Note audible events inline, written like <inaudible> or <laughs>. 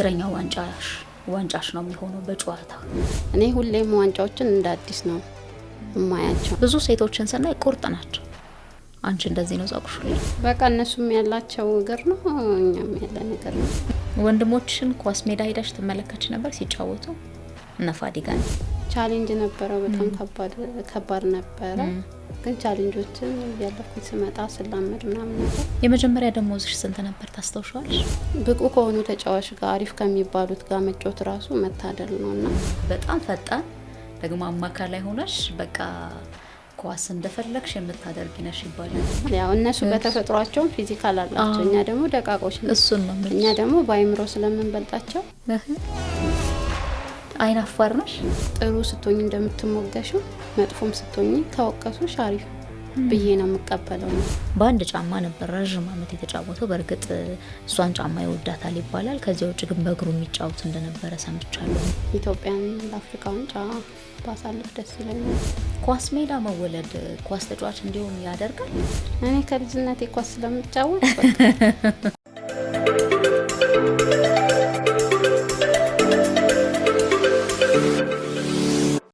አስረኛው ዋንጫሽ ዋንጫሽ ነው የሚሆነው በጨዋታ እኔ ሁሌም ዋንጫዎችን እንደ አዲስ ነው እማያቸው። ብዙ ሴቶችን ስናይ ቁርጥ ናቸው። አንቺ እንደዚህ ነው ጸጉሽ። በቃ እነሱም ያላቸው እግር ነው፣ እኛም ያለ ነገር ነው። ወንድሞችን ኳስ ሜዳ ሄዳሽ ትመለከች ነበር ሲጫወቱ እነ ፋዲጋ ቻሌንጅ ነበረው። በጣም ከባድ ነበረ፣ ግን ቻሌንጆችን እያለፍኩት ስመጣ ስላመድ ምናምን የመጀመሪያ የመጀመሪያ ደሞዝሽ ስንት ነበር ታስታውሻለሽ? ብቁ ከሆኑ ተጫዋች ጋር አሪፍ ከሚባሉት ጋር መጫወት ራሱ መታደል ነው እና በጣም ፈጣን ደግሞ አማካይ ላይ ሆነሽ በቃ ኳስ እንደፈለግሽ የምታደርጊ ነሽ ይባላል። ያው እነሱ በተፈጥሯቸውም ፊዚካል አላቸው፣ እኛ ደግሞ ደቃቆች፣ እሱን ነው እኛ ደግሞ በአይምሮ ስለምንበልጣቸው አይን አፋር ነሽ። ጥሩ ስትሆኝ እንደምትሞገሽው መጥፎም ስትሆኝ ተወቀሱሽ አሪፍ ብዬ ነው የምቀበለው። ነው በአንድ ጫማ ነበር ረዥም ዓመት የተጫወተው። በእርግጥ እሷን ጫማ ይወዳታል ይባላል። ከዚያ ውጭ ግን በእግሩ የሚጫወት እንደነበረ ሰምቻለሁ። ኢትዮጵያን ለአፍሪካ ዋንጫ ባሳልፍ ደስ ይለኛል። ኳስ ሜዳ መወለድ ኳስ ተጫዋች እንዲሆን ያደርጋል። እኔ ከልጅነት ኳስ ስለምጫወት <laughs>